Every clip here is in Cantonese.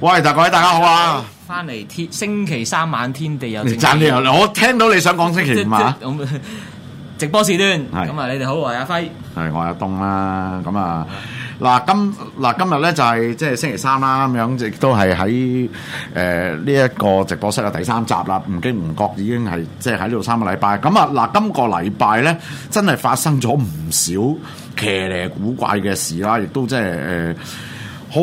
喂，各位大家好啊！翻嚟天星期三晚天地有直播，我聽到你想講星期五啊。咁 直播時段，咁啊是，你哋好，我係阿輝，係我阿東、啊啊、啦。咁啊，嗱今嗱今日咧就係即係星期三啦、啊，咁樣亦都係喺誒呢一個直播室嘅第三集啦、啊。唔經唔覺已經係即係喺呢度三個禮拜。咁啊嗱，今個禮拜咧真係發生咗唔少騎呢古怪嘅事啦、啊，亦都即係誒好。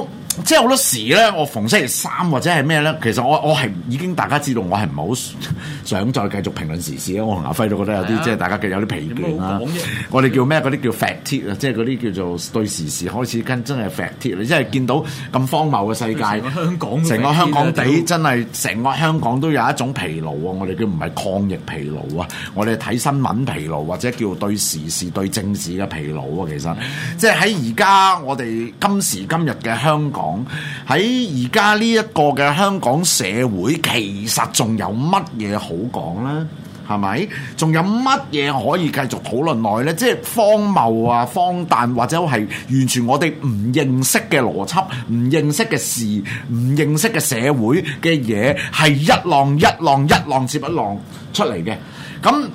呃即係好多時咧，我逢星期三或者係咩咧，其實我我係已經大家知道，我係唔係好想再繼續評論時事。我同阿輝都覺得有啲、啊、即係大家嘅有啲疲倦啦。有有什麼我哋叫咩？嗰啲叫 f t i 啊，即係嗰啲叫做對時事開始跟真係甩 t 你，即係見到咁荒謬嘅世界，香港成個香港地真係成麼個香港都有一種疲勞啊！我哋叫唔係抗疫疲勞啊，我哋睇新聞疲勞或者叫對時事對政治嘅疲勞啊。其實即係喺而家我哋今時今日嘅香港。講喺而家呢一個嘅香港社會，其實仲有乜嘢好講呢？係咪？仲有乜嘢可以繼續討論耐呢？即係荒謬啊、荒誕或者係完全我哋唔認識嘅邏輯、唔認識嘅事、唔認識嘅社會嘅嘢，係一浪一浪一浪接一浪出嚟嘅。咁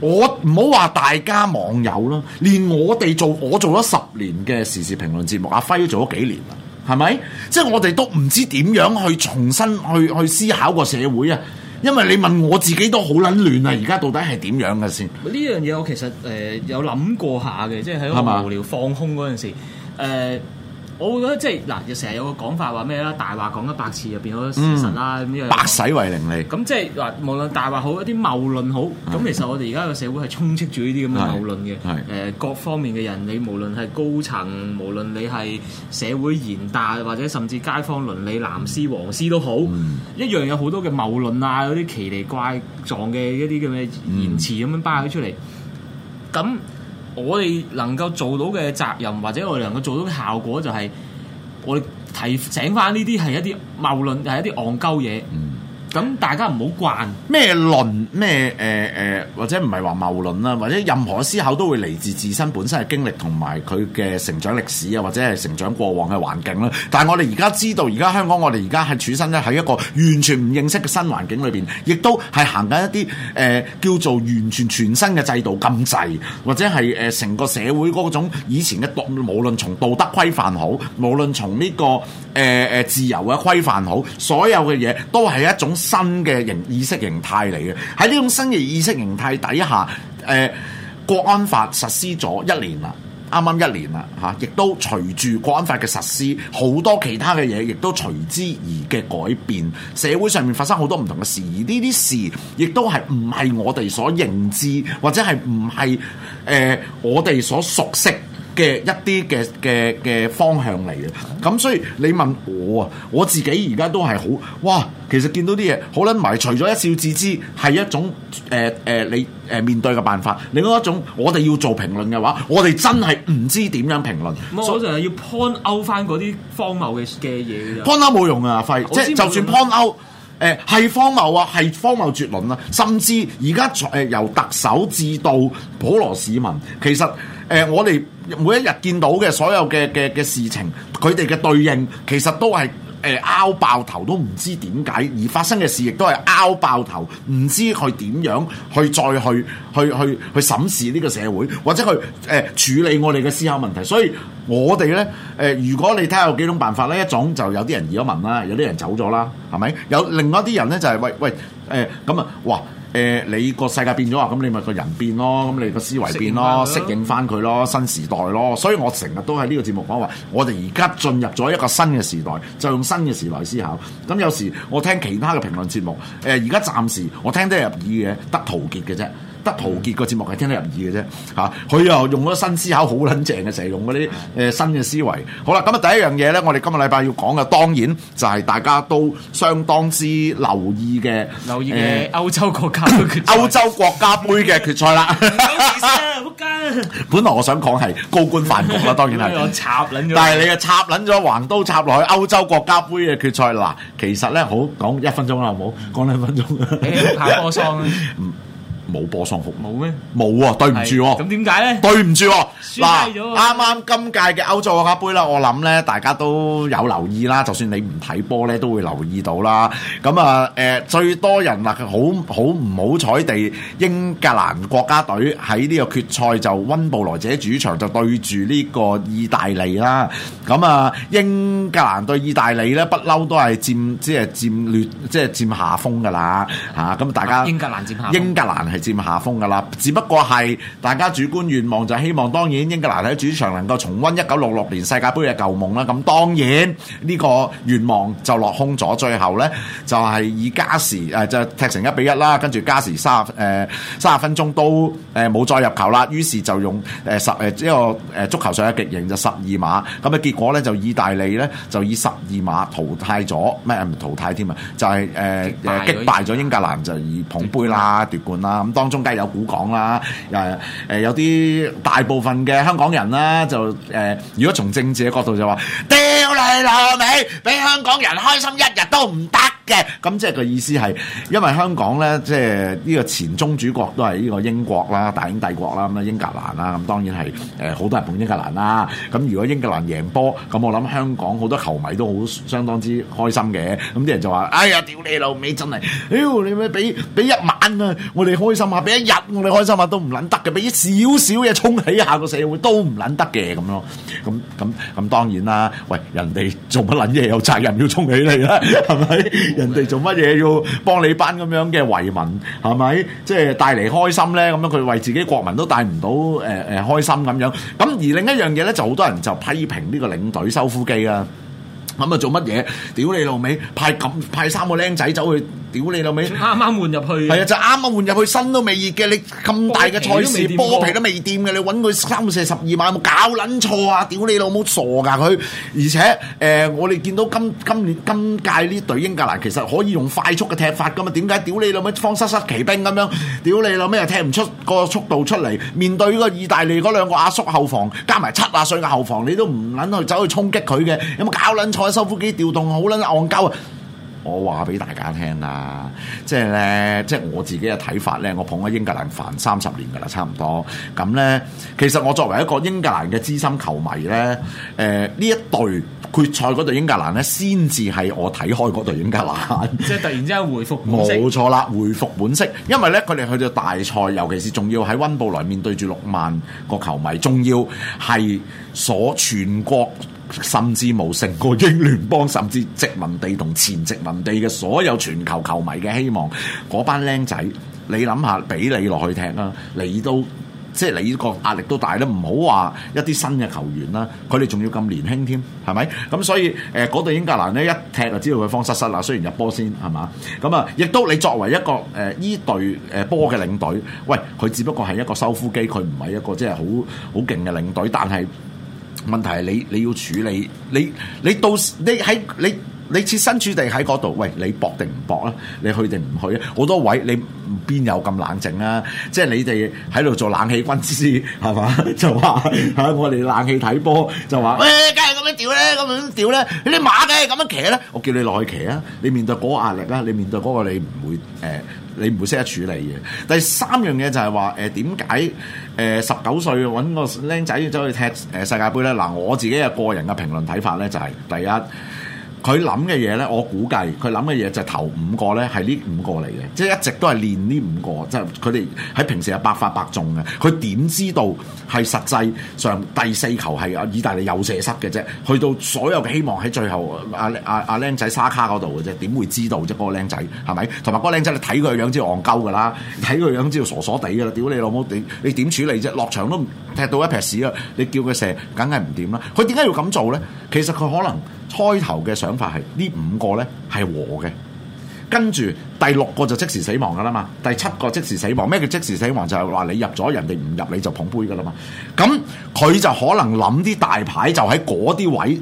我唔好話大家網友啦，連我哋做我做咗十年嘅時事評論節目，阿輝都做咗幾年啦。係咪？即係我哋都唔知點樣去重新去去思考個社會啊！因為你問我自己都好撚亂啊！而家到底係點樣嘅先？呢樣嘢我其實誒、呃、有諗過下嘅，即係喺個無聊放空嗰陣時候，誒我覺得即係嗱，就成日有個講法話咩啦，大話講一百次入邊好多事實啦，咁樣。百駿為靈力。咁即係話，無論大話好，一啲謬論好，咁其實我哋而家嘅社會係充斥住呢啲咁嘅謬論嘅。係。誒，各方面嘅人，你無論係高層，無論你係社會賢達，或者甚至街坊鄰里、藍絲、黃絲都好，一樣有好多嘅謬論啊，有啲奇離怪狀嘅一啲咁嘅言辭咁樣擺出嚟。咁。我哋能夠做到嘅責任，或者我哋能夠做到嘅效果，就是，就係我哋提醒翻呢啲係一啲謬論，係一啲戇鳩嘢。咁大家唔好慣咩論咩誒誒或者唔係話謬論啦，或者任何思考都會嚟自自身本身嘅經歷同埋佢嘅成長歷史啊，或者係成長過往嘅環境啦。但係我哋而家知道，而家香港我哋而家係處身咧喺一個完全唔認識嘅新環境裏邊，亦都係行緊一啲誒、呃、叫做完全全新嘅制度禁制，或者係誒成個社會嗰種以前嘅道，無論從道德規範好，無論從呢、這個誒誒、呃、自由嘅規範好，所有嘅嘢都係一種。新嘅形意識形態嚟嘅，喺呢種新嘅意識形態底下，誒，國安法實施咗一年啦，啱啱一年啦嚇，亦都隨住國安法嘅實施，好多其他嘅嘢亦都隨之而嘅改變，社會上面發生好多唔同嘅事，而呢啲事亦都係唔係我哋所認知，或者係唔係誒我哋所熟悉。嘅一啲嘅嘅嘅方向嚟嘅，咁所以你問我啊，我自己而家都係好哇，其實見到啲嘢好撚埋，除咗一笑置之係一種誒誒、呃呃、你誒面對嘅辦法，另外一種我哋要做評論嘅話，我哋真係唔知點樣評論，嗯、所以就係要 point out 翻嗰啲荒謬嘅嘅嘢嘅啫，point out 冇用啊，費即係就算 point out 誒係荒謬啊，係荒謬啊、荒謬絕倫啊，甚至而家誒由特首至到普羅市民，其實。誒、呃，我哋每一日見到嘅所有嘅嘅嘅事情，佢哋嘅對應其實都係誒拗爆頭都唔知點解而發生嘅事，亦都係拗爆頭，唔知去點樣去再去去去去審視呢個社會，或者去誒、呃、處理我哋嘅思考問題。所以我哋咧誒，如果你睇下有幾種辦法咧，一種就有啲人移咗民啦，有啲人走咗啦，係咪？有另外一啲人咧就係、是、喂喂誒咁啊，哇！誒、呃，你個世界變咗啊，咁你咪個人變咯，咁你個思維變咯，適應翻佢咯，咯，新時代咯，所以我成日都喺呢個節目講話，我哋而家進入咗一個新嘅時代，就用新嘅時代思考。咁有時我聽其他嘅評論節目，呃、而家暫時我聽得入耳嘅得陶傑嘅啫。得陶傑個節目係聽得入耳嘅啫，嚇佢又用咗新思考，好撚正嘅，成日用嗰啲誒新嘅思維。好啦，咁啊第一樣嘢咧，我哋今日禮拜要講嘅當然就係大家都相當之留意嘅留意嘅歐洲國家歐洲國家杯嘅決賽啦。好事啊，唔該。本來我想講係高官飯局啦，當然係。我插撚咗，但係你又插撚咗橫刀插落去歐洲國家杯嘅決賽嗱，其實咧好講一分鐘啦，好講兩分鐘。你拍波桑。冇播送服冇咩冇啊！對唔住喎，咁點解咧？呢對唔住嗱，啱啱今屆嘅歐洲國家杯啦，我諗咧大家都有留意啦，就算你唔睇波咧，都會留意到啦。咁啊、呃、最多人啦好好唔好彩地，英格蘭國家隊喺呢個決賽就温布萊者主場就對住呢個意大利啦。咁啊，英格蘭對意大利咧，不嬲都係佔即係、即係、佔劣即係佔下風噶啦咁、啊、大家英格蘭佔下風，英格蘭係。佔下風噶啦，只不過係大家主觀願望就希望，當然英格蘭喺主場能夠重温一九六六年世界盃嘅舊夢啦。咁當然呢個願望就落空咗。最後咧就係、是、以加時誒、呃、就踢成一比一啦，跟住加時卅誒卅分鐘都誒冇、呃、再入球啦。於是就用誒、呃、十誒、呃、一個誒足球上嘅極刑就十二碼。咁啊結果咧就意大利咧就以十二碼淘汰咗咩？唔淘汰添啊！就係誒誒擊敗咗英、英格蘭，就以捧杯啦、奪冠啦。當中梗係有古講啦，有啲大部分嘅香港人啦，就、呃、如果從政治嘅角度就話，屌你老味，俾香港人開心一日都唔得嘅，咁即係個意思係，因為香港咧，即係呢個前宗主國都係呢個英國啦，大英帝國啦，咁啊英格蘭啦，咁當然係呃、好多人捧英格蘭啦，咁如果英格蘭贏波，咁我諗香港好多球迷都好相當之開心嘅，咁啲人就話，哎呀，屌你老味，真係，屌、哎、你咪俾俾一晚啊，我哋開。比一開心下，俾一日我哋開心下都唔捻得嘅，俾少少嘢衝起下個社會都唔捻得嘅咁樣，咁咁咁當然啦。喂，人哋做乜捻嘢有責任，要衝起你啦，係咪？ 人哋做乜嘢要幫你班咁樣嘅維民，係咪？即係帶嚟開心咧？咁樣佢為自己國民都帶唔到誒誒開心咁樣。咁而另一樣嘢咧，就好多人就批評呢個領隊收夫機啦，啊。咁啊做乜嘢？屌你老味，派咁派，派三個僆仔走去。屌你老味，啱啱換入去，係啊，就啱啱換入去，身都未熱嘅，你咁大嘅賽事，波皮都未掂嘅，你揾佢三四十二萬，有冇搞撚錯啊？屌你老母傻噶佢，而且誒，我哋見到今今年今屆呢隊英格蘭其實可以用快速嘅踢法噶嘛？點解屌你老味放失失奇兵咁樣？屌你老味又踢唔出個速度出嚟？面對個意大利嗰兩個阿叔後防，加埋七啊歲嘅後防，你都唔撚去走去衝擊佢嘅，有冇搞撚錯啊？收腹肌調動好撚戇鳩啊！我話俾大家聽啦，即係咧，即係我自己嘅睇法咧。我捧咗英格蘭凡三十年噶啦，差唔多。咁咧，其實我作為一個英格蘭嘅資深球迷咧，誒、呃、呢一隊決賽嗰隊英格蘭咧，先至係我睇開嗰隊英格蘭。即係突然之間回復本色，冇錯啦，回復本色。因為咧，佢哋去到大賽，尤其是仲要喺溫布萊面對住六萬個球迷，仲要係鎖全國。甚至冇成個英聯邦，甚至殖民地同前殖民地嘅所有全球球迷嘅希望，嗰班僆仔，你諗下，俾你落去踢啦，你都即係你個壓力都大啦。唔好話一啲新嘅球員啦，佢哋仲要咁年輕添，係咪？咁所以誒，嗰、呃、隊英格蘭呢，一踢就知道佢慌失失啦，雖然入波先係嘛。咁啊，亦都你作為一個誒依、呃、隊誒波嘅領隊，喂，佢只不過係一個修夫基，佢唔係一個即係好好勁嘅領隊，但係。問題係你你要處理你你到時你喺你你設身處地喺嗰度，喂你搏定唔搏啊？你去定唔去啊？好多位你邊有咁冷靜啊？即係你哋喺度做冷氣軍師係嘛？就話嚇我哋冷氣睇波就話誒，梗係咁樣調咧，咁樣調咧，你啲馬嘅咁樣騎咧，我叫你落去騎啊！你面對嗰個壓力啦，你面對嗰個你唔會誒。你唔會識得處理嘅。第三樣嘢就係話，誒點解誒十九歲搵個僆仔走去踢世界盃咧？嗱，我自己嘅個人嘅評論睇法咧，就係，就係第一。佢諗嘅嘢咧，我估計佢諗嘅嘢就頭五個咧係呢五個嚟嘅，即係一直都係練呢五個，即係佢哋喺平時係百發百中嘅。佢點知道係實際上第四球係阿意大利又射失嘅啫？去到所有嘅希望喺最後阿阿阿僆仔沙卡嗰度嘅啫，點會知道啫？嗰個僆仔係咪？同埋嗰個僆仔你睇佢嘅樣子知戇鳩㗎啦，睇佢樣知道傻傻地㗎啦。屌你老母，你你點處理啫？落場都踢到一撇屎啦，你叫佢射梗係唔掂啦。佢點解要咁做咧？其實佢可能。開頭嘅想法係呢五個呢係和嘅，跟住第六個就即時死亡噶啦嘛，第七個即時死亡，咩叫即時死亡？就係話你入咗人哋唔入你就捧杯噶啦嘛，咁佢就可能諗啲大牌就喺嗰啲位。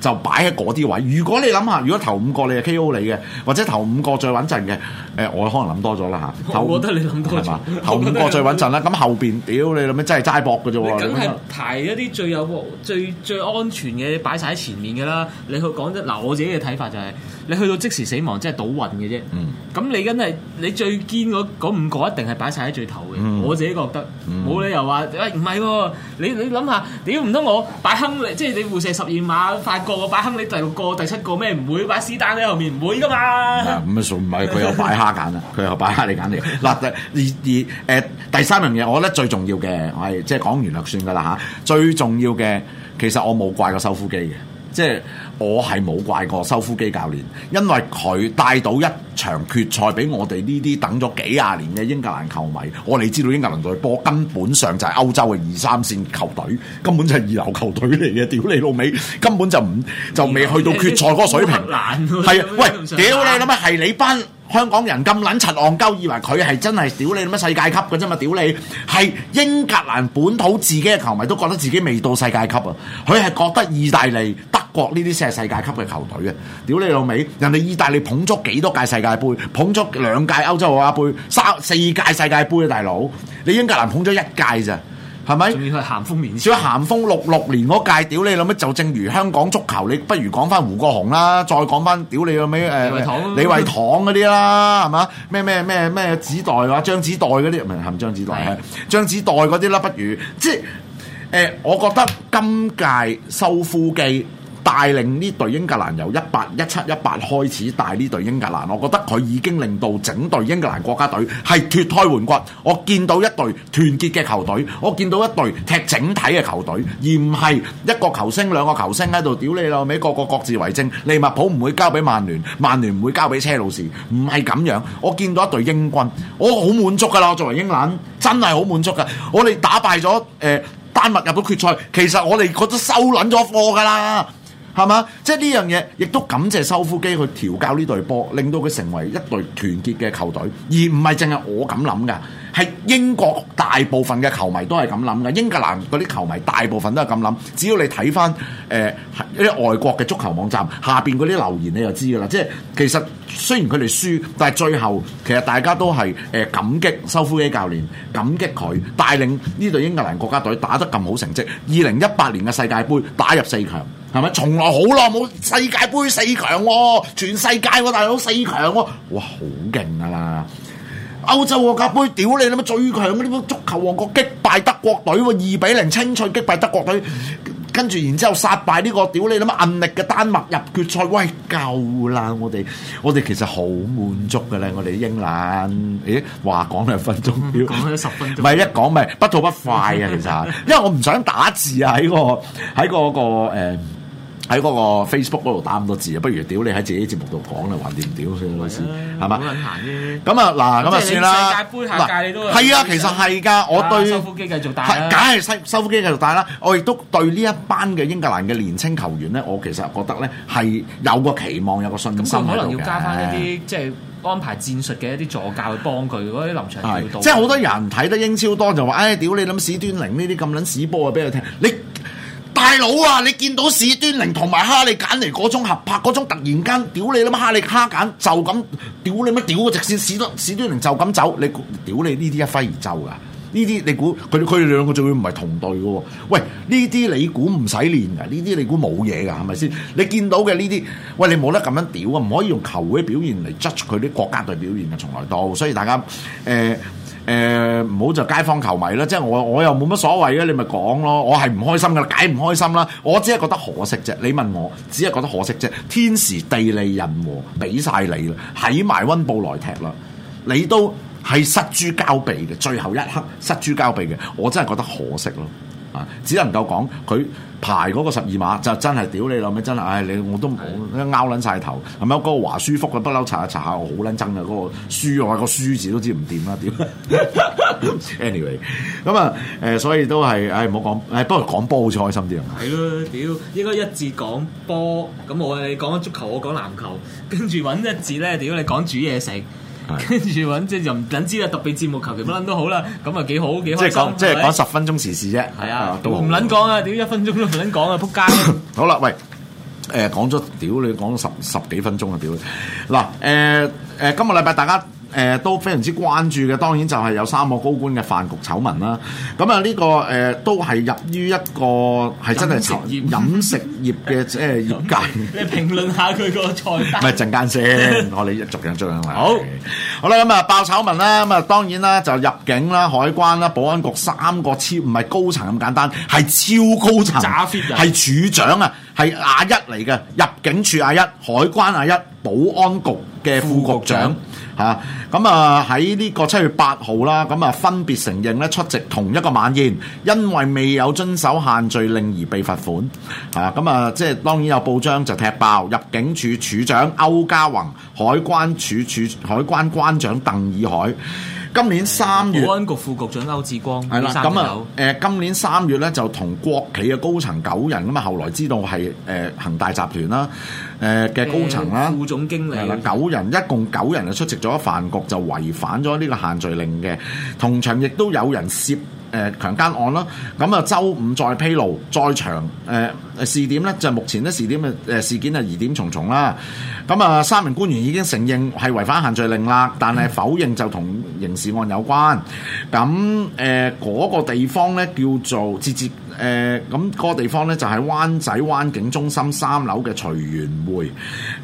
就擺喺嗰啲位。如果你諗下，如果頭五個你係 KO 你嘅，或者頭五個最穩陣嘅，誒、欸，我可能諗多咗啦嚇。我覺得你諗多咗係嘛？吧頭五個最穩陣啦，咁後邊屌、哎、你諗咩？真係齋搏嘅啫喎！咁係排一啲最有最最安全嘅擺晒喺前面㗎啦。你去講真嗱，我自己嘅睇法就係、是。你去到即時死亡，即係倒運嘅啫。咁、嗯、你緊係你最堅嗰五個一定係擺晒喺最頭嘅。嗯、我自己覺得，冇、嗯、理由話喂唔係喎。你你諗下，屌唔通我擺亨利，即、就、係、是、你互射十二碼，發覺我擺亨利第六個、第七個咩？唔會擺施丹喺後面，唔會噶嘛。咁啊數唔係佢又擺蝦揀 啦，佢又擺蝦你揀你嗱。而而誒第三樣嘢，我覺得最重要嘅，我係即係講完就算噶啦嚇。最重要嘅其實我冇怪過收腹機嘅，即係。我係冇怪過修夫基教練，因為佢帶到一場決賽俾我哋呢啲等咗幾廿年嘅英格蘭球迷。我哋知道英格蘭隊波根本上就係歐洲嘅二三線球隊，根本就係二流球隊嚟嘅。屌你老味，根本就唔就未去到決賽嗰個水平。係啊，喂，屌你諗乜？係你班香港人咁撚陳戇鳩，以為佢係真係屌你諗乜世界級嘅啫嘛？屌你！係英格蘭本土自己嘅球迷都覺得自己未到世界級啊！佢係覺得意大利國呢啲先係世界級嘅球隊啊。屌你老味，人哋意大利捧足幾多屆世界盃，捧足兩屆歐洲話杯，三四屆世界盃啊大佬！你英格蘭捧咗一屆咋，係咪？仲要係咸豐年少？咸豐六六年嗰屆，屌你諗乜？就正如香港足球，你不如講翻胡國雄、呃、啦，再講翻屌你老味，誒，李惠堂嗰啲啦，係嘛？咩咩咩咩子代啊？張子代嗰啲，唔係唔係張子代咩？的張子代嗰啲啦，不如即係誒、呃，我覺得今屆收富記。帶領呢隊英格蘭由一八一七一八開始帶呢隊英格蘭，我覺得佢已經令到整隊英格蘭國家隊係脱胎換骨。我見到一隊團結嘅球隊，我見到一隊踢整體嘅球隊，而唔係一個球星兩個球星喺度屌你老味個個各自為政。利物浦唔會交俾曼聯，曼聯唔會交俾車路士，唔係咁樣。我見到一隊英軍，我好滿足噶啦，我作為英蘭真係好滿足噶。我哋打敗咗誒、呃、丹麥入到決賽，其實我哋覺得收捻咗貨噶啦。係嘛？即係呢樣嘢，亦都感謝修夫基去調教呢隊波，令到佢成為一隊團結嘅球隊，而唔係淨係我咁諗㗎。係英國大部分嘅球迷都係咁諗㗎，英格蘭嗰啲球迷大部分都係咁諗。只要你睇翻誒一啲外國嘅足球網站下邊嗰啲留言，你就知㗎啦。即係其實雖然佢哋輸，但係最後其實大家都係誒、呃、感激修夫基教練，感激佢帶領呢隊英格蘭國家隊打得咁好成績，二零一八年嘅世界盃打入四強。係咪？從來好耐冇世界盃四強喎、哦，全世界喎大佬四強喎、哦，哇！好勁啊！啦！歐洲國家盃，屌你！你咪最強呢？足球王國擊敗德國隊喎，二比零清脆擊敗德國隊，跟住然之後殺敗呢、這個屌你！你咪韌力嘅丹麥入決賽，喂夠啦！我哋我哋其實好滿足噶喇！我哋英蘭。咦？話講兩分鐘講講咗十分鐘，唔係一講咪不吐不，不快啊！其實， 因為我唔想打字啊，喺個喺個個喺嗰個 Facebook 嗰度打咁多字啊，不如屌你喺自己節目度講啦，還掂唔掂先開始，係嘛的？咁啊吧，嗱咁啊，算啦。世界盃那下屆你都係啊，其實係㗎，我對、啊、收腹肌繼續打梗係收收腹肌繼續打啦。我亦都對呢一班嘅英格蘭嘅年青球員咧，我其實覺得咧係有個期望，有個信心咁可能要加翻一啲的即係安排戰術嘅一啲助教去幫佢，如果啲臨場調度。即係好多人睇得英超多就話，唉、哎、屌你諗史端寧呢啲咁撚屎波啊，俾佢聽你。大佬啊！你見到史端寧同埋哈利簡尼嗰種合拍嗰種，突然間屌你啦！嘛，哈利哈簡就咁屌你乜？屌個直線史端史端寧就咁走，你屌你呢啲一揮而就噶？呢啲你估佢佢哋兩個仲會唔係同隊噶？喂，呢啲你估唔使練噶？呢啲你估冇嘢噶？係咪先？你見到嘅呢啲，喂，你冇得咁樣屌啊！唔可以用球會表現嚟 judge 佢啲國家隊表現噶，從來都。所以大家誒。呃誒唔好就街坊球迷啦，即係我我又冇乜所謂啊！你咪講咯，我係唔開心噶啦，解唔開心啦，我只係覺得可惜啫。你問我，只係覺得可惜啫。天時地利人和，俾晒你啦，喺埋溫布萊踢啦，你都係失諸交臂嘅，最後一刻失諸交臂嘅，我真係覺得可惜咯。啊！只能夠講佢排嗰個十二碼就真係屌你啦！咩真係唉、哎、你我都拗撚晒頭，係咪嗰個華書福嘅不嬲查一查下好撚憎呀？嗰、嗰個書我個書字都知唔掂啦，屌 ！anyway 咁啊、呃、所以都係唉唔好講誒，不過講波好似開心啲啊！係咯屌，應該一節講波咁，我你講足球，我講籃球，跟住搵一節咧屌你講煮嘢食。跟住揾，即係又唔揾知啦。特別節目求其冇撚都好啦，咁啊幾好幾好。即係講即係講十分鐘時事啫，係的好啊，都唔撚講啊，屌一分鐘都唔撚講啊，撲街 。好啦，喂，誒講咗屌你講十十幾分鐘啊屌！嗱誒誒，今個禮拜大家。誒、呃、都非常之關注嘅，當然就係有三個高官嘅飯局醜聞啦。咁啊、這個，呢個誒都係入於一個係真係食業飲食業嘅即係業界。你評論下佢個菜單，唔係陣間先， 我哋逐樣逐樣嚟。 好，好啦，咁、嗯、啊爆醜聞啦，咁啊當然啦，就入境啦、海關啦、保安局三個超唔係高層咁簡單，係超高層，揸 fit 人係處長啊，係阿一嚟嘅入境處阿一、海關阿一、保安局嘅副局長。嚇！咁啊喺呢個七月八號啦，咁啊分別承認咧出席同一個晚宴，因為未有遵守限聚令而被罰款。嚇！咁啊，即係當然有報章就踢爆入境處處長歐家宏、海關處處海關關長鄧以海。今年三月，保安局副局長歐志光係啦，咁啊的，誒、呃，今年三月咧，就同國企嘅高層九人咁啊，後來知道係誒恒大集團啦，誒、呃、嘅高層啦、呃，副總經理係啦，九人一共九人就出席咗飯局，就違反咗呢個限聚令嘅，同場亦都有人涉。誒強姦案啦，咁啊周五再披露再詳誒、呃、事點呢，就目前咧事點誒事件就疑點重重啦。咁啊三名官員已經承認係違反限聚令啦，但係否認就同刑事案有關。咁誒嗰個地方呢，叫做節節誒，咁、呃嗰個地方呢，就係、是、灣仔灣景中心三樓嘅隨緣會。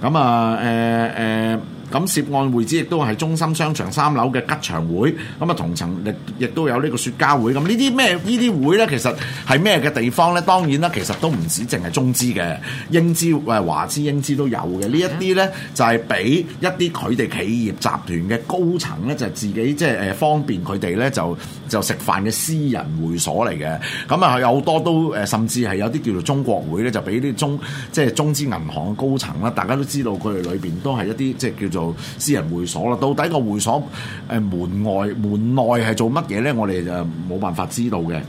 咁啊誒誒。呃呃咁涉案會址亦都係中心商場三樓嘅吉祥會，咁啊同層亦亦都有呢個雪茄會，咁呢啲咩呢啲會咧？其實係咩嘅地方咧？當然啦，其實都唔止淨係中資嘅，英資誒華資英資都有嘅。呢一啲咧就係俾一啲佢哋企業集團嘅高層咧，就係自己即係誒方便佢哋咧，就就食飯嘅私人會所嚟嘅。咁啊有好多都誒，甚至係有啲叫做中國會咧，就俾啲中即係中資銀行嘅高層啦。大家都知道佢哋裏邊都係一啲即係叫做，私人會所啦，到底個會所誒門外門內係做乜嘢咧？我哋就冇辦法知道嘅。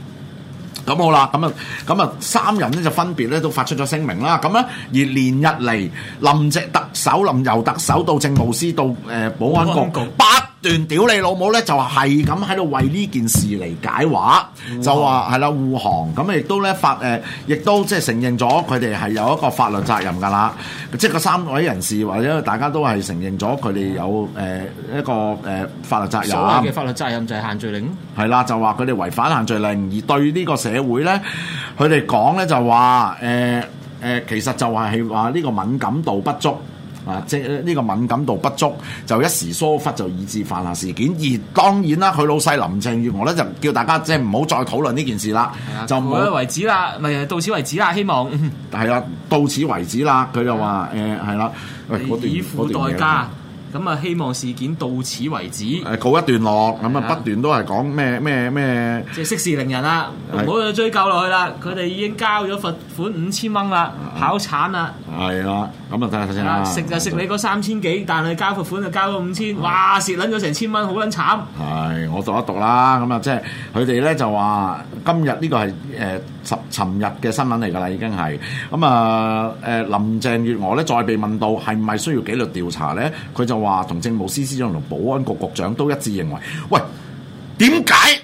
咁好啦，咁啊，咁啊，三人咧就分別咧都發出咗聲明啦。咁咧，而連日嚟，林鄭特首、林鄭特首到政務司到誒保安局。斷屌你老母咧，就係咁喺度為呢件事嚟解話，哇就話係啦，護航咁，亦都咧法誒，亦都即係承認咗佢哋係有一個法律責任噶啦，即係個三位人士或者大家都係承認咗佢哋有誒哇一個誒、呃呃、法律責任。所謂嘅法律責任就係限聚令。係啦，就話佢哋違反限聚令，而對呢個社會咧，佢哋講咧就話誒誒，其實就話係話呢個敏感度不足。啊！即係呢個敏感度不足，就一時疏忽，就以致犯下事件。而當然啦，佢老細林鄭月娥咧就叫大家即係唔好再討論呢件事啦，的就唔冇為止啦，咪到此為止啦。希望係啊，到此為止啦。佢就話誒係啦，已付代價咁啊，希望事件到此為止，誒告一段落。咁啊，不斷都係講咩咩咩，即係的息事寧人啦，唔好再追究落去啦。佢哋已經交咗罰款五千蚊啦，考的產啦，係啊。咁啊！睇下先啊！食就食你嗰三千幾，但係交罰款就交咗五千，哇！蝕撚咗成千蚊，好撚慘！係，我讀一讀啦。咁啊，即係佢哋咧就話今日呢個係誒尋尋日嘅新聞嚟㗎啦，已經係咁啊誒林鄭月娥咧再被問到係咪需要紀律調查咧，佢就話同政務司司長同保安局局長都一致認為，喂點解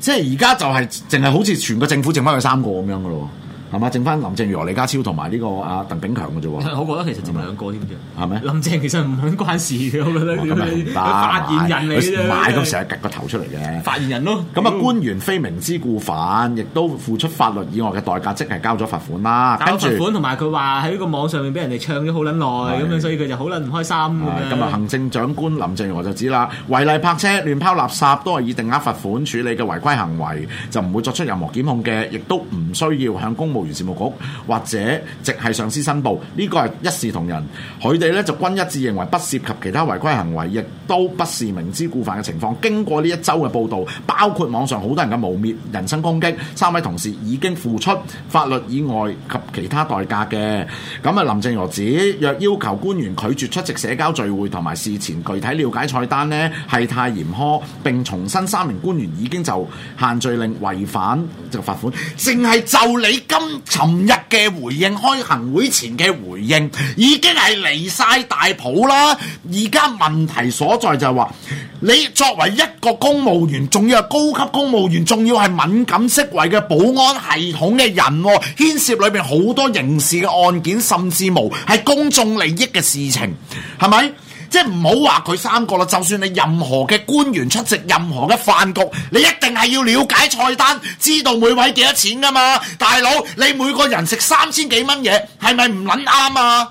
即係而家就係淨係好似全個政府剩翻佢三個咁樣㗎咯？係嘛？剩翻林鄭月娥、李家超同埋呢個阿鄧炳強嘅啫喎。我覺得其實就兩個添啫。係咪嗎？林鄭其實唔肯關事嘅，我覺得咁啊，大賣。佢唔賣，佢成日掘個頭出嚟嘅。發言人咯。咁啊、嗯，官員非明知故犯，亦都付出法律以外嘅代價，即係交咗罰款啦。交罰款同埋佢話喺呢個網上面俾人哋唱咗好撚耐，咁樣是所以佢就好撚唔開心。係咁啊！行政長官林鄭月娥就指啦，違例泊車、亂拋垃圾都係以定額罰款處理嘅違規行為，就唔會作出任何檢控嘅，亦都唔需要向公務公務員事務局或者直系上司申報、這個、是呢個係一視同仁，佢哋咧就均一致認為不涉及其他違規行為，亦都不是明知故犯嘅情況。經過呢一周嘅報道，包括網上好多人嘅污衊、人身攻擊，三位同事已經付出法律以外及其他代價嘅。咁啊，林鄭月娥指若要求官員拒絕出席社交聚會同埋事前具體了解菜單呢係太嚴苛，並重申三名官員已經就限聚令違反就罰、是、款，淨係就你今。尋日嘅回應，開行會前嘅回應，已經係離晒大譜啦。而家問題所在就係話，你作為一個公務員，仲要係高級公務員，仲要係敏感職位嘅保安系統嘅人喎，牽涉裏邊好多刑事嘅案件，甚至無係公眾利益嘅事情，係咪？即係唔好話佢三個啦，就算你任何嘅官員出席任何嘅飯局，你一定係要了解菜單，知道每位幾多錢㗎嘛？大佬，你每個人食三千幾蚊嘢，係咪唔撚啱啊？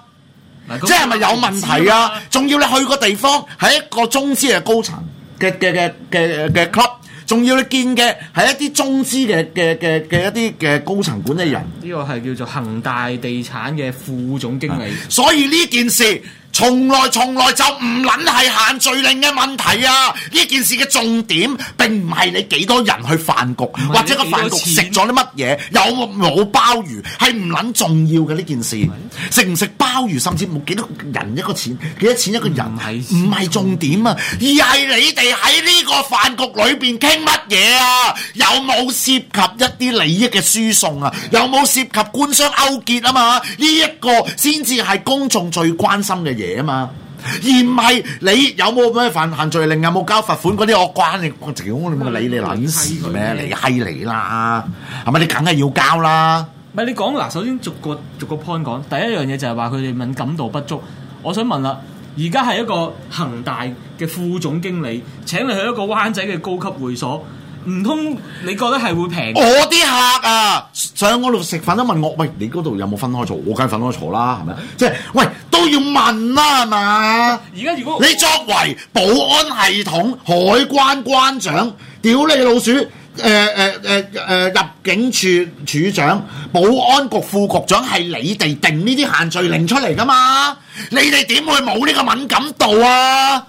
那個 即係咪有問題啊？仲要你去個地方係一個中資嘅高層嘅嘅嘅嘅嘅 club，仲要你見嘅係一啲中資嘅嘅嘅嘅一啲嘅高層管理人，呢個係叫做恒大地產嘅副總經理。的所以呢件事。從來從來就唔撚係限聚令嘅問題啊！呢件事嘅重點並唔係你幾多人去飯局，或者個飯局食咗啲乜嘢，有冇鮑魚係唔撚重要嘅呢件事？食唔食鮑魚，甚至冇幾多人一個錢幾多錢一個人，係唔係重點啊！是嗎而係你哋喺呢個飯局裏邊傾乜嘢啊？有冇涉及一啲利益嘅輸送啊？有冇涉及官商勾結啊？嘛呢一個先至係公眾最關心嘅嘢。啊嘛，而唔係你有冇咩犯限罪令，Long、你有冇交罰款嗰啲我關你，我直接我唔理你撚事咩，你閪你啦，係咪你梗係要交啦？唔係信中 你講嗱，首先逐個逐個 point 講，第一樣嘢就係話佢哋敏感度不足。我想問啦，而家係一個恒大嘅副總經理請你去一個灣仔嘅高級會所，唔通你覺得係會平？我啲客啊，上我度食飯都問我，喂，你嗰度有冇分開坐？我梗係分開坐啦，係咪？即係喂。都要問啦，係嘛？而家如果你作為保安系統海關關長，屌你老鼠，誒誒誒誒，入境處處長、保安局副局長係你哋定呢啲限聚令出嚟噶嘛？你哋點會冇呢個敏感度啊？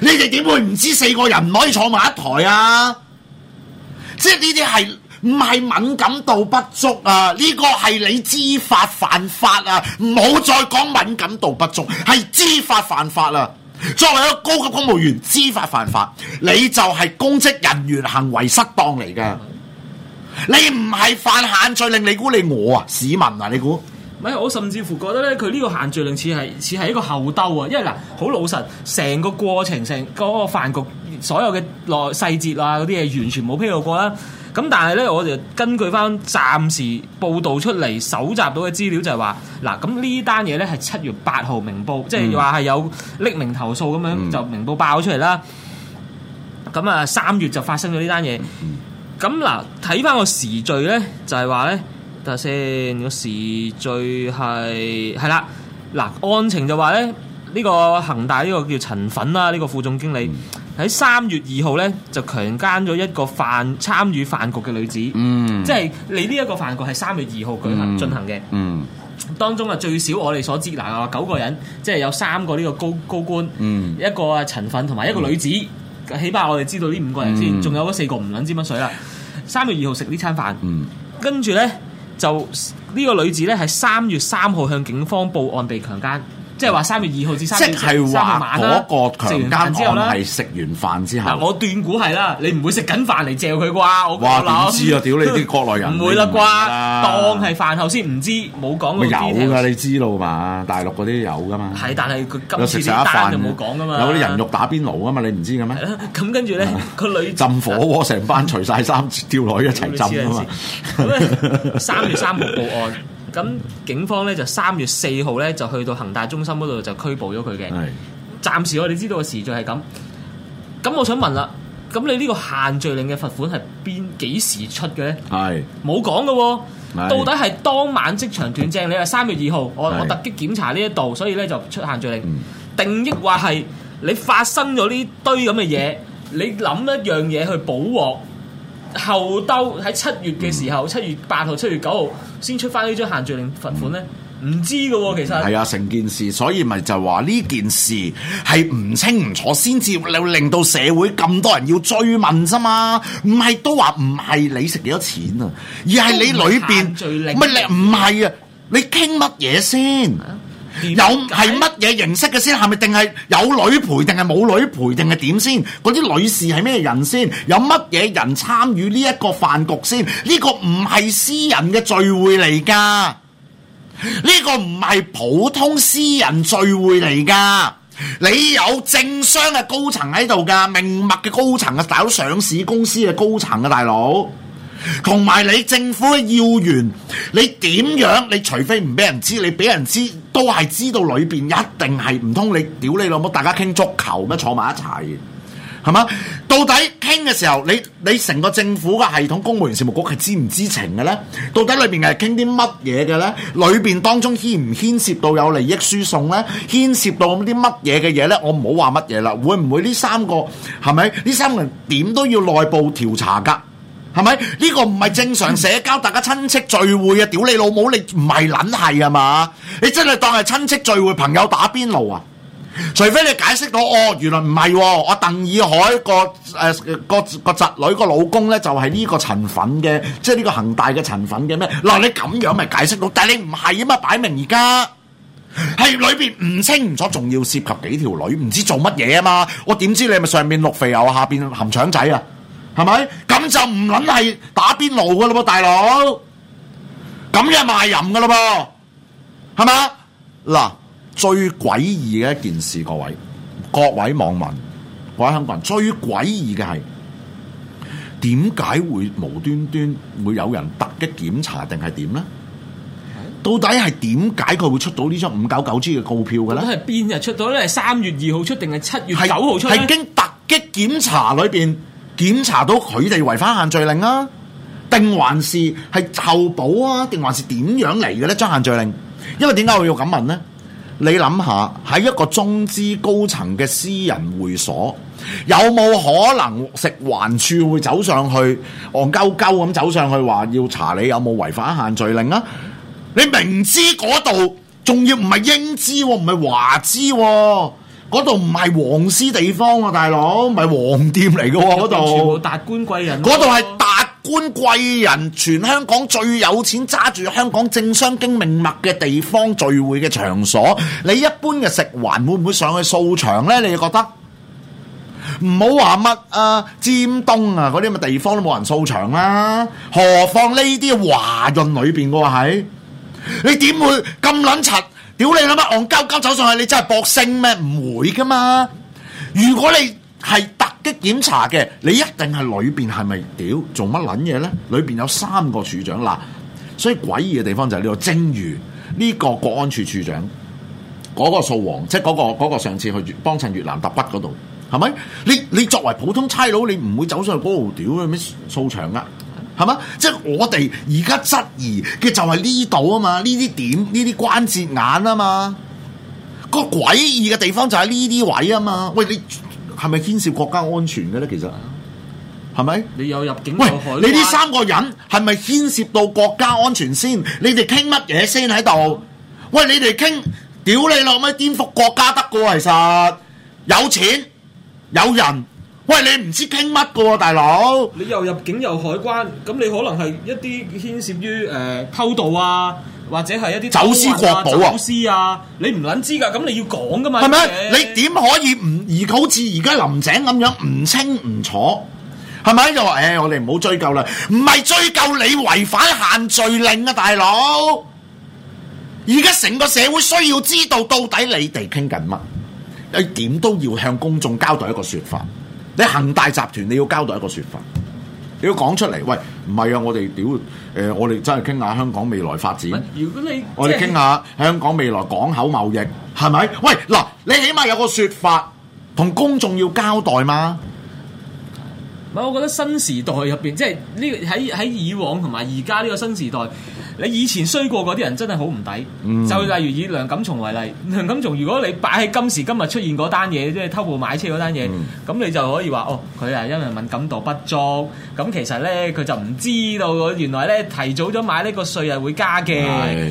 你哋點會唔知四個人唔可以坐埋一台啊？即係呢啲係。唔係敏感度不足啊！呢個係你知法犯法啊！唔好再講敏感度不足，係知法犯法啊。作為一個高級公務員，知法犯法，你就係公職人員行為失當嚟嘅。你唔係犯限聚令，你估你係我啊？市民啊，你估？唔係，我甚至乎覺得咧，佢呢個限聚令似係似係一個後兜啊！因為嗱，好老實，成個過程成個飯局，所有嘅內細節啊，嗰啲嘢完全冇披露過啦。咁但係咧，我就根據翻暫時報道出嚟搜集到嘅資料就，就係話嗱，咁呢單嘢咧係七月八號明報，嗯、即係話係有匿名投訴咁樣就明報爆出嚟啦。咁啊，三月就發生咗呢單嘢。咁嗱、嗯，睇翻個時序咧，就係話咧，等下先，個時序係係啦。嗱，案情就話咧，呢個恒大呢個叫陳粉啦，呢個副總經理。喺三月二號咧，就強姦咗一個飯參與飯局嘅女子。嗯，即係你呢一個飯局係三月二號舉行進行嘅、嗯。嗯，當中啊最少我哋所知嗱，九個人，即係有三個呢個高高官，嗯、一個啊陳奮同埋一個女子，嗯、起碼我哋知道呢五個人先，仲、嗯、有嗰四個唔撚知乜水啦。三月二號食呢餐飯，嗯，跟住咧就呢個女子咧係三月三號向警方報案被強姦。即係話三月二號至三月三月晚啊，食完飯之後啦。嗱，我斷估係啦，你唔會食緊飯嚟嚼佢啩。我點知啊，屌你啲國內人唔會啦啩？當係飯後先唔知，冇講。有㗎，你知道嘛，大陸嗰啲有㗎嘛。係，但係佢今次你單就冇講㗎嘛？有啲人肉打邊爐㗎嘛？你唔知嘅咩？咁跟住咧，個女浸火鍋成班除晒衫跳落去一齊浸㗎嘛？三月三號報案。咁警方咧就三月四號咧就去到恒大中心嗰度就拘捕咗佢嘅。係。是的 暫時我哋知道嘅時序係咁。咁我想問啦，咁你呢個限聚令嘅罰款係邊幾時出嘅咧？係是的、哦。冇講㗎喎。到底係當晚即場斷正？你話三月二號，我是的 我突擊檢查呢一度，所以咧就出限聚令。嗯、定抑或係你發生咗呢堆咁嘅嘢，你諗一樣嘢去補鑊，後兜喺七月嘅時候，嗯、七月八號、七月九號先出翻呢張限聚令罰款咧，唔、嗯、知喎、哦，其實係啊成件事，所以咪就話呢件事係唔清唔楚，先至令到社會咁多人要追問啫嘛，唔係都話唔係你食幾多錢啊，而係你裏邊乜嘢唔係啊，你傾乜嘢先？啊有係乜嘢形式嘅先？係咪定係有女陪？定係冇女陪？定係點先？嗰啲女士係咩人先？有乜嘢人參與呢一個飯局先？呢個唔係私人嘅聚會嚟噶，呢個唔係普通私人聚會嚟噶。你有政商嘅高層喺度噶，命脈嘅高層，搞上市公司嘅高層嘅大佬。同埋你政府嘅要員，你點樣？你除非唔俾人知，你俾人知都係知道裏邊一定係，唔通你屌你老母，大家傾足球咩？坐埋一齊係嘛？到底傾嘅時候，你你成個政府嘅系統，公務員事務局係知唔知情嘅呢？到底裏邊係傾啲乜嘢嘅呢？裏邊當中牽唔牽涉到有利益輸送呢？牽涉到咁啲乜嘢嘅嘢呢？我唔好話乜嘢啦，會唔會呢三個係咪？呢三個人點都要內部調查噶？係咪呢個唔係正常社交？大家親戚聚會啊！屌你老母，你唔係撚係啊嘛！你真係當係親戚聚會、朋友打邊爐啊？除非你解釋到哦，原來唔係、啊，我鄧以海個誒個個侄女個老公咧就係呢個陳粉嘅，即係呢個恒大嘅陳粉嘅咩？嗱、呃，你咁樣咪解釋到？但係你唔係啊嘛，擺明而家係裏邊唔清唔楚，仲要涉及幾條女，唔知做乜嘢啊嘛？我點知你係咪上面綠肥牛，下邊含腸仔啊？係咪？咁就唔捻係打邊爐噶咯噃，大佬咁又賣淫噶咯噃，係嘛？嗱，最詭異嘅一件事，各位各位網民，各位香港人最詭異嘅係點解會無端端會有人突擊檢查定係點咧？是呢啊、到底係點解佢會出到這張的的呢張五九九 G 嘅告票嘅咧？咁係邊日出到咧？係三月二號出定係七月九號出咧？係經突擊檢查裏邊。檢查到佢哋違反限聚令啊？定還是係籌保啊？定還是點樣嚟嘅呢張限聚令，因為點解我要咁問呢？你諗下喺一個中資高層嘅私人會所，有冇可能食環署會走上去，戇鳩鳩咁走上去話要查你有冇違反限聚令啊？你明知嗰度，仲要唔係英資喎，唔係華資喎？嗰度唔係黃絲地方啊，大佬，唔係黃店嚟嘅喎，嗰度。全部達官貴人、啊。嗰度係達官貴人，全香港最有錢揸住香港正商經命脈嘅地方聚會嘅場所。你一般嘅食環會唔會上去掃場呢？你覺得唔好話乜啊，尖東啊嗰啲咁嘅地方都冇人掃場啦、啊，何況呢啲華潤裏邊嘅話係，你點會咁撚柒？屌你諗下，戇鳩鳩走上去，你真係博升咩？唔會噶嘛！如果你係突擊檢查嘅，你一定係裏邊係咪屌做乜撚嘢咧？裏邊有三個處長嗱、啊，所以詭異嘅地方就係呢個，正如呢個國安處處長，嗰、嗰個掃黃，即係嗰個上次去幫襯越南揼骨嗰度，係咪？你你作為普通差佬，你唔會走上去嗰度屌咩掃場噶、啊？係嘛？即係我哋而家質疑嘅就係呢度啊嘛，呢啲點，呢啲關節眼啊嘛，個詭異嘅地方就係呢啲位啊嘛。喂，你係咪牽涉國家安全嘅咧？其實係咪？是不是你有入境？喂，你呢三個人係咪牽涉到國家安全先？你哋傾乜嘢先喺度？喂，你哋傾屌你老母顛覆國家得噶？其實有錢有人。喂，你唔知傾乜噶喎，大佬！你又入境又海關，咁你可能係一啲牽涉於誒、呃、偷渡啊，或者係一啲、啊、走私國寶啊，走私啊！你唔捻知噶，咁你要講噶嘛？係咪嗎？你點可以唔而好似而家林鄭咁樣唔清唔楚？係咪？又話誒，我哋唔好追究啦，唔係追究你違反限聚令啊，大佬！而家成個社會需要知道到底你哋傾緊乜，你點都要向公眾交代一個說法。你恒大集團你要交代一個說法，你要講出嚟。喂，唔係啊，我哋屌，呃、我哋真係傾下香港未來發展。如果你我哋傾下香港未來港口貿易，係咪？喂，嗱，你起碼有個說法，同公眾要交代嘛。唔係，我覺得新時代入邊，即係呢個喺喺以往同埋而家呢個新時代。你以前衰過嗰啲人真係好唔抵，嗯、就例如以梁錦松為例，梁錦松如果你擺喺今時今日出現嗰單嘢，即係偷步買車嗰單嘢，咁、嗯、你就可以話哦，佢係因為敏感度不足，咁其實咧佢就唔知道原來咧提早咗買呢個稅係會加嘅，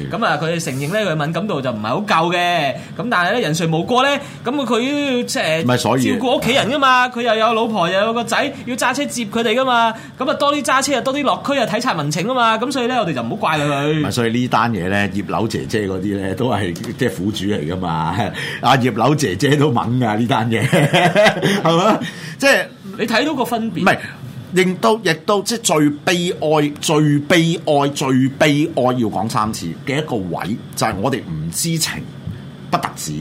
咁啊佢承認咧佢敏感度就唔係好夠嘅，咁但係咧人誰冇過咧，咁佢要即係、呃、照顧屋企人噶嘛，佢又有老婆又有個仔要揸車接佢哋噶嘛，咁啊多啲揸車啊多啲落區啊體察民情啊嘛，咁所以咧我哋就唔好怪佢。所以呢單嘢咧，葉劉姐姐嗰啲咧都係即係苦主嚟噶嘛？阿葉劉姐姐都猛噶呢單嘢，係咪？ 即係你睇到個分別？唔係，亦都亦都即係最悲哀、最悲哀、最悲哀，悲要講三次嘅一個位，就係、是、我哋唔知情不得止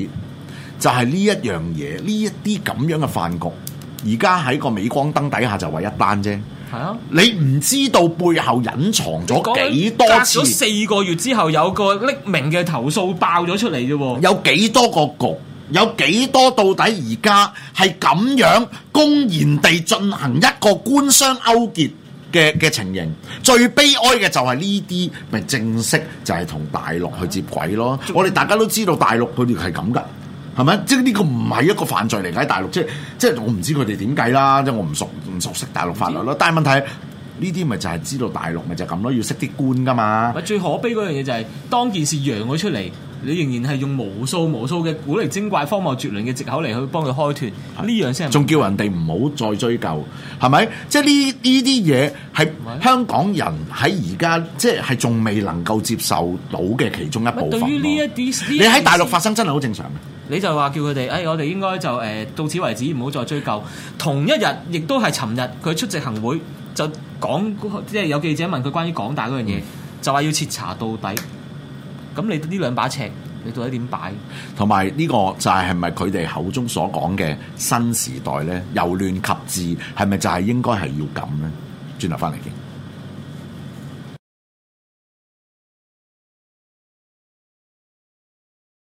就，就係呢一樣嘢，呢一啲咁樣嘅飯局，而家喺個鎂光燈底下就為一單啫。係啊！你唔知道背後隱藏咗幾多次？四個月之後，有個匿名嘅投訴爆咗出嚟啫。有幾多個局？有幾多到底而家係咁樣公然地進行一個官商勾結嘅嘅情形？最悲哀嘅就係呢啲咪正式就係同大陸去接軌咯。我哋大家都知道大陸佢哋係咁噶。係咪？即係呢個唔係一個犯罪嚟？喺大陸，即係即係我唔知佢哋點計啦。即係我唔熟唔熟悉大陸法律咯。但係問題呢啲咪就係知道大陸咪就咁咯？要識啲官噶嘛？最可悲嗰樣嘢就係、是、當件事揚咗出嚟，你仍然係用無數無數嘅古靈精怪、荒謬絕倫嘅藉口嚟去幫佢開脱呢的樣先。仲叫人哋唔好再追究，係咪？即係呢呢啲嘢係香港人喺而家即係仲未能夠接受到嘅其中一部分咯。一你喺大陸發生真係好正常嘅。你就話叫佢哋，誒、哎，我哋應該就到此為止，唔好再追究。同一日，亦都係尋日，佢出席行會就講，即係有記者問佢關於港大嗰樣嘢，嗯、就話要徹查到底。咁你呢兩把尺，你到底點擺？同埋呢個就係係咪佢哋口中所講嘅新時代咧？由亂及治係咪就係應該係要咁咧？轉頭翻嚟見。